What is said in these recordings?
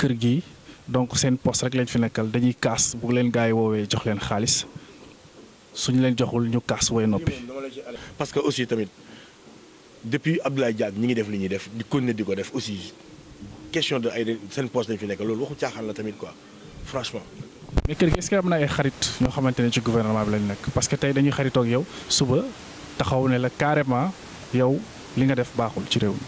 kër gi donc seen poste rek lañ fi nekkal dañuy kaas bu leen gars yi woowee jox leen xaalis suñu leen joxul ñu kaas wooy noppi. parce que aussi tamit depuis Abdoulaye Diagne ñi ngi def li ñuy def di continuer di ko def aussi question de ay seen poste lañ fi nekkal loolu waxu caaxaan la tamit quoi franchement. mais kër gi est am na ay xarit ñoo xamante ne ci gouvernement bi lañ nekk parce que tey dañuy xaritoo ak yow suba taxaw ne la carrément yow li nga def baaxul ci réew mi.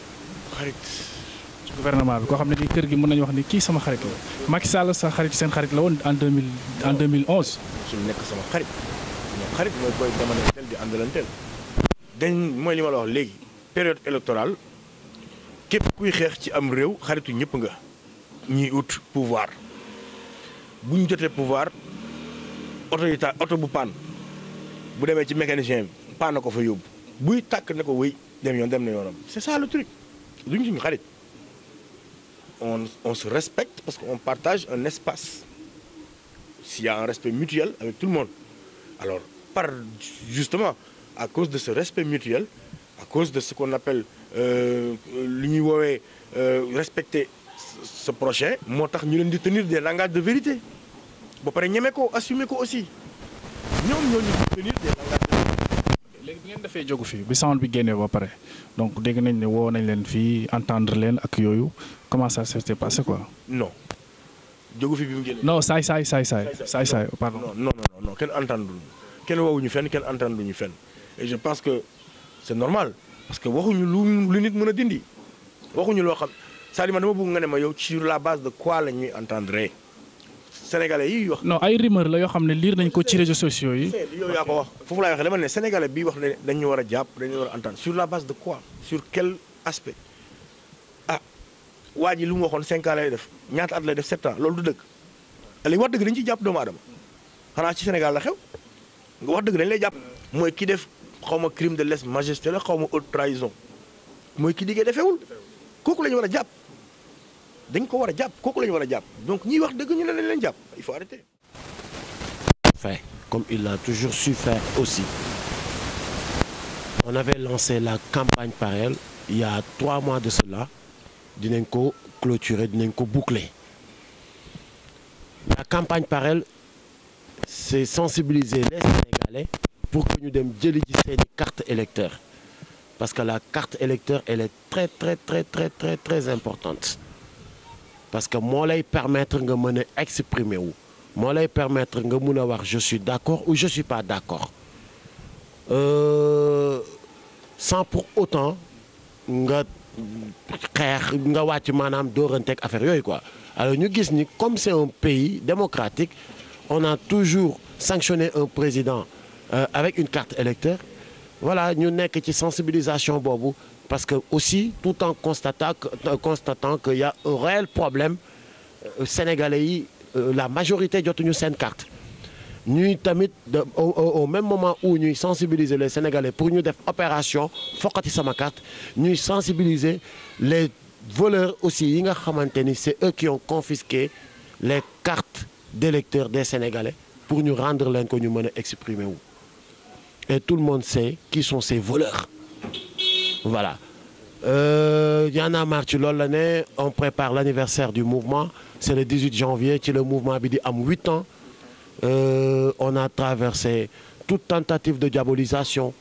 ci gouvernement bi ko xam ne nii kër gi mën nañu wax ni kii sama xarit la Macky Sall sa xarit seen xarit la woon en 2000 en 2011. suñu nekk sama xarit xarit mooy koy demalanteel di àndalanteel dañ mooy léegi période électorale képp kuy xeex ci am réew xaritu ñëpp nga ñiy ut pouvoir bu jotee pouvoir oto yi ta oto bu paan bu demee ci mécanicien bi paan ko fa yóbbu buy tàkk ne ko wéy dem yoon dem na yoonam c'est ça le truc duñ suñu xarit on, on se respecte parce qu'on partage un espace. S'il y a un respect mutuel avec tout le monde. Alors, par, justement, à cause de ce respect mutuel, à cause de ce qu'on appelle euh, l'union, euh, respecter ce prochain, nous devons tenir des langages de vérité. Nous devons assumer aussi. Nous devons tenir des ngeen dafee jógu fi bi sound bi génnee ba pare donc dégg nañ ne woo nañ leen fii entendre leen ak yooyu comment ça s'est passé quoi. non. jógu fi bi mu génnee. non saay saay saay saay. saay saay pardon non non non kenn entendre kenn woowuñu fenn kenn entendre ñu fenn et je pense que c'est normal parce que waxuñu lu lu nit mën a dindi waxuñu loo xam c'est-à-dire dama bëgg nga ne ma yow ci la base de quoi la ñuy entendre. sénégale yi wax. non ay rumeur la yoo xam ne liir nañ ko ci réseaux sociaux yi. yow yaa ko wax foofu laay waxee dama ne sénégalais bi wax ne dañ ñu war a jàpp dañ ñu war a entendre sur la base de quoi sur quel aspect ah waa ji lu mu waxoon cinq def ñaata at lay def sept loolu du dëkk dëgg léegi wax dëgg dañu ciy jàpp doomu aadama xanaa ci Sénégal la xew nga wax dëgg dañ lay jàpp. mooy kii def xaw ma crime de lèse majesté la xaw ma haute trahison mooy ki diggee defewul kooku la war a jàpp. dañ ko war a jàpp kooku la ñu war a jàpp donc ñiy wax dëgg ñu ne lañ jàpp il faut arrêter. comme il a toujours su faire aussi. on avait lancé la campagne par elle il y a trois mois de cela dinañ ko clôturer dinañ ko boucler la campagne par elle c'est sensibiliser les Sénégalais pour que ñu dem jëli ji seeni carte électeur parce que la carte électeur elle est très très très très très très importante parce que moo lay permettre nga mën a exprimer wu moo lay permettre nga mun a wax je suis d'accord ou je suis pas d'accord euh, sans pour autant nga xeex nga wàcc maanaam dóoranteeg affaire yooyu quoi alors ñu gis ni comme c'est un pays démocratique on a toujours sanctionné un président euh, avec une carte électeur voilà ñu nekk ci sensibilisation boobu Parce que aussi, tout en constatant, euh, constatant qu'il y a un réel problème, euh, Sénégalais yi euh, la majorité jotuñu seen carte ñuy tamit au même moment où ñuy sensibiliser les Sénégalais pour ñu def opération foqati sama carte ñuy sensibiliser les voleurs aussi yi nga xamante ni c'est eux qui ont confisqué les cartes d'électeurs des Sénégalais pour ñu rendre leen ko ñu mën a exprimer wu et tout le monde sait qui sont ces voleurs voilà euh, Y'en a marre loolu la ne on prépare l'anniversaire du mouvement c'est le 18 janvier ci le mouvement bi di am huit ans euh, on a traversé toute tentative de diabolisation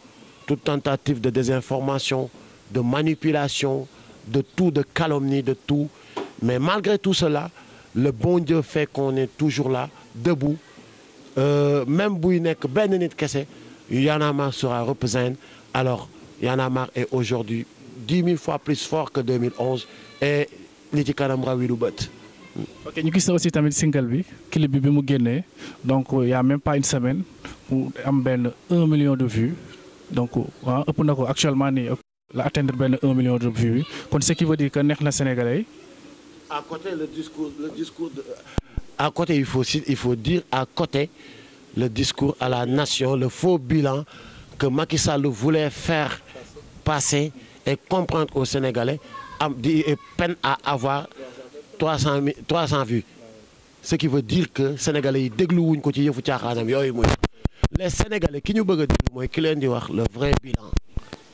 toute tentative de désinformation de manipulation de tout de calomnie de tout mais malgré tout le bon Dieu fait qu'on toujours là debout euh, même buy nekk benn nit kese alors Y en a marre est aujourd'hui dix mille fois plus fort que 2011 et li ci kanam raw yi bët. ok ñu gis aussi tamit single bi clip bi mu génnee donc euh, y même pas une semaine mu am benn un million de vues donc euh, ah ëpp na ko actuellement nii la atteindre benn un million de vues kon ce qui veut dire que neex na Sénégalais à côté le discours le discours euh, à côté il faut il faut dire à côté le discours à la nation le faux bilan que Macky Sall voulait faire. passer et comprendre aux Sénégalais am di peine à avoir 300 000 300 vues ce qui veut dire que sénégalais yi dégluwuñ ko ci yëfu caaxaanam yooyu muy les sénégalais ki ñu bëgg déglu mooy ki leen di wax le vrai bilan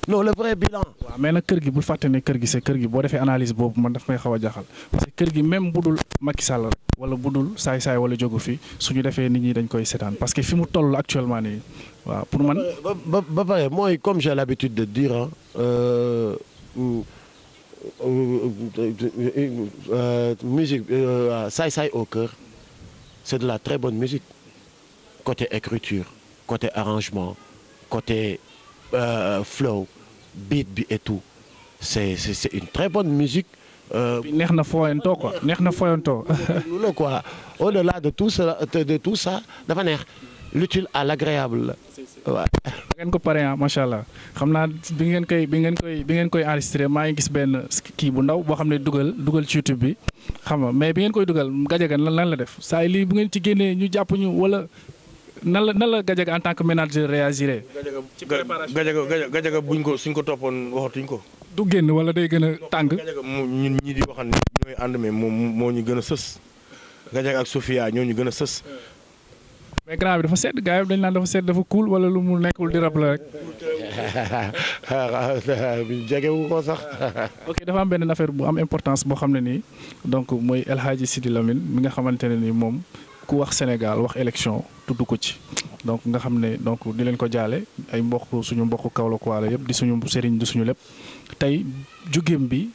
non le vrai bilan. waaw mais nag kër gi bul fàtte ne kër gi c'est kër gi boo defee analyse boobu man daf may xaw jaaxal parce que kër gi même bu dul Macky Sall wala bu dul saay-saay wala jógu fi suñu defee nit ñi dañ koy seetaan parce que fi mu tollu actuellement nii waaw pour man. ba ba pare mooy comme j'ai l'habitude de dire euh, euh, musique euh, euh, saay-saay au cœur c'est de la très bonne musique côté écriture côté arrangement côté euh, flow beat bi et tout c'est c'est une très bonne musique. Euh, neex na fooyantoo ko neex na fooyantoo. lu la quoi au delà de tout ça de tout ça dafa neex l'utile à l'agréable la. waaw ngeen ko pare ah macha allah xam naa bi ngeen koy bi ngeen koy bi ngeen koy enregistré maa ngi gis benn kii bu ndaw boo xam ne dugal dugal ci YouTube bi xam nga mais bi ngeen koy dugal gajaga lan lan la def saa yi lii bu ngeen ci génnee ñu jàpp ñu wala nan la nan la gajaga en tant que ménager réagiré. ci préparation gajaga gajaga buñ ko suñ ko toppoon waxatuñ ko. du génn wala day gën a tàng. ñun ñi di waxan ñooy ànd mais moom moo ñu gën a sës. Gadiaga ak Sofia ñoo ñu gën a sës. mais grand bi dafa sedd gars yi dañ naan dafa sedd dafa kuul wala lu mu nekkul di rab la rek. jegewu ko sax. ok dafa am benn affaire bu am importance boo xam ne nii donc mooy El Hadji Sidi Lamine mi nga xamante ne nii moom. ku wax Sénégal wax élection tudd ko ci donc nga xam ne donc di leen ko jaale ay mbokk suñu mbokk Kaolack waale yëpp di suñu sëriñ di suñu lépp tey jógeem bi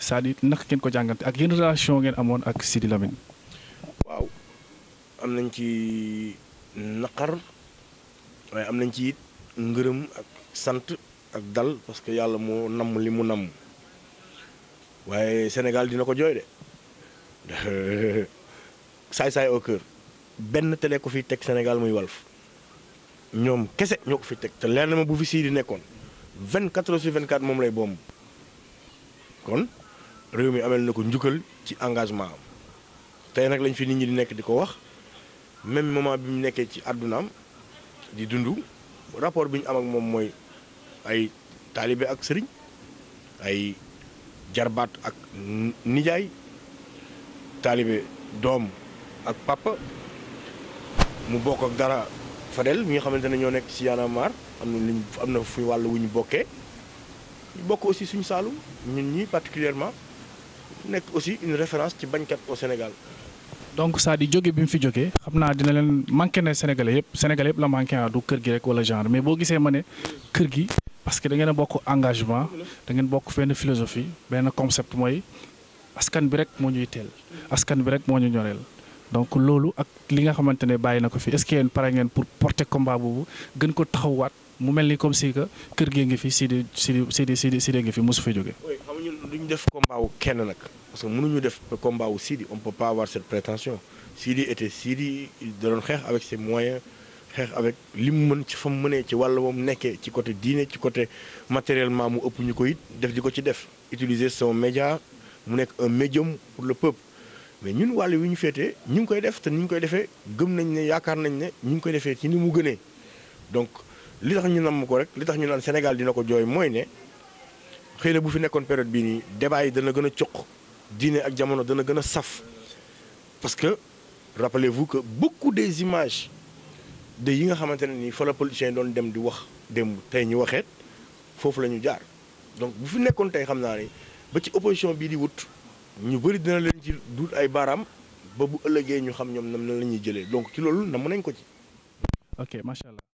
c'est-à-dire naka ngeen ko jàngante ak yéen relation ngeen amoon ak Sidi Lamine. waaw am nañ ci naqar waaye am nañ ci it ngërëm ak sant ak dal parce que yàlla moo namm li mu namm waaye Sénégal dina ko jooy de. saay-saay oo cœur benn tele ko fi teg Sénégal muy Walf ñoom kese ñoo ko fi teg te leer ma bu fi sii di nekkoon 24 heures sur 24 moom lay bomb kon réew mi amel na ko njukkal ci engagement am tey nag lañ fi nit ñi di nekk di ko wax même moment bi mu nekkee ci àddunaam di dundu rapport bi ñu am ak moom mooy ay taalibe ak sëriñ ay jarbaat ak nijaay taalibe doom ak papa mu bokk ak dara Fadel mi nga xamante ne ñoo nekk ci Y'en a am na luñ am na fu wàll wu ñu bokkee ñu bokk aussi suñu Saalum ñun ñi particulièrement nekk aussi une référence ci bañkat au Sénégal. donc ça di jóge bi mu fi jógee xam naa dina leen manqué ne Sénégalais yëpp Sénégalais yëpp la manqué ah du kër gi rek wala genre mais boo gisee ma ne kër gi parce que da ngeen a bokk engagement da ngeen bokk benn philosophie benn concept mooy askan bi rek moo ñuy teel askan bi rek moo ñu ñoreel. donc loolu ak li nga xamante ne bàyyi na ko fi est-ce que pare ngeen pour porter combat boobu gën ko taxawaat mu mel ni comme si que kër gee ngi fi sii Sidi Sidi Sidi Sidi ngi fi mosu fa jógee. oui def combat wu kenn nag parce que mënuñu def combat wu Sidi on peut pas avoir cette prétention Sidi était Sidi da doon xeex avec ses moyens xeex avec li mu mën ci fa mu mënee ci wàll ba mu nekkee ci côté diine ci côté matériellement mu ëpp ñu ko it def di ko ci def utiliser son média mu nekk un médium pour le peuple. mais ñun wàll wi ñu féetee ñu ngi koy def te ni ñu koy defee gëm nañ ne yaakaar nañ ne ñu ngi koy defee ci ni mu gënee donc li tax ñu mu ko rek li tax ñu naan Sénégal dina ko jooy mooy ne xëy na bu fi nekkoon période bii nii débat yi dana gën a coq diine ak jamono dana gën a saf que rappelez-vous que beaucoup des de yi nga xamante ne nii fa la doon dem di wax démb tey ñu waxee foofu la ñu jaar donc bu fi nekkoon tey xam naa ne ba ci opposition bii di wut. ñu bëri dina leen ci duut ay baaraam ba bu ëllëgee ñu xam ñoom na la ñuy jëlee donc ci loolu namm nañ ko ci. ok macha allah.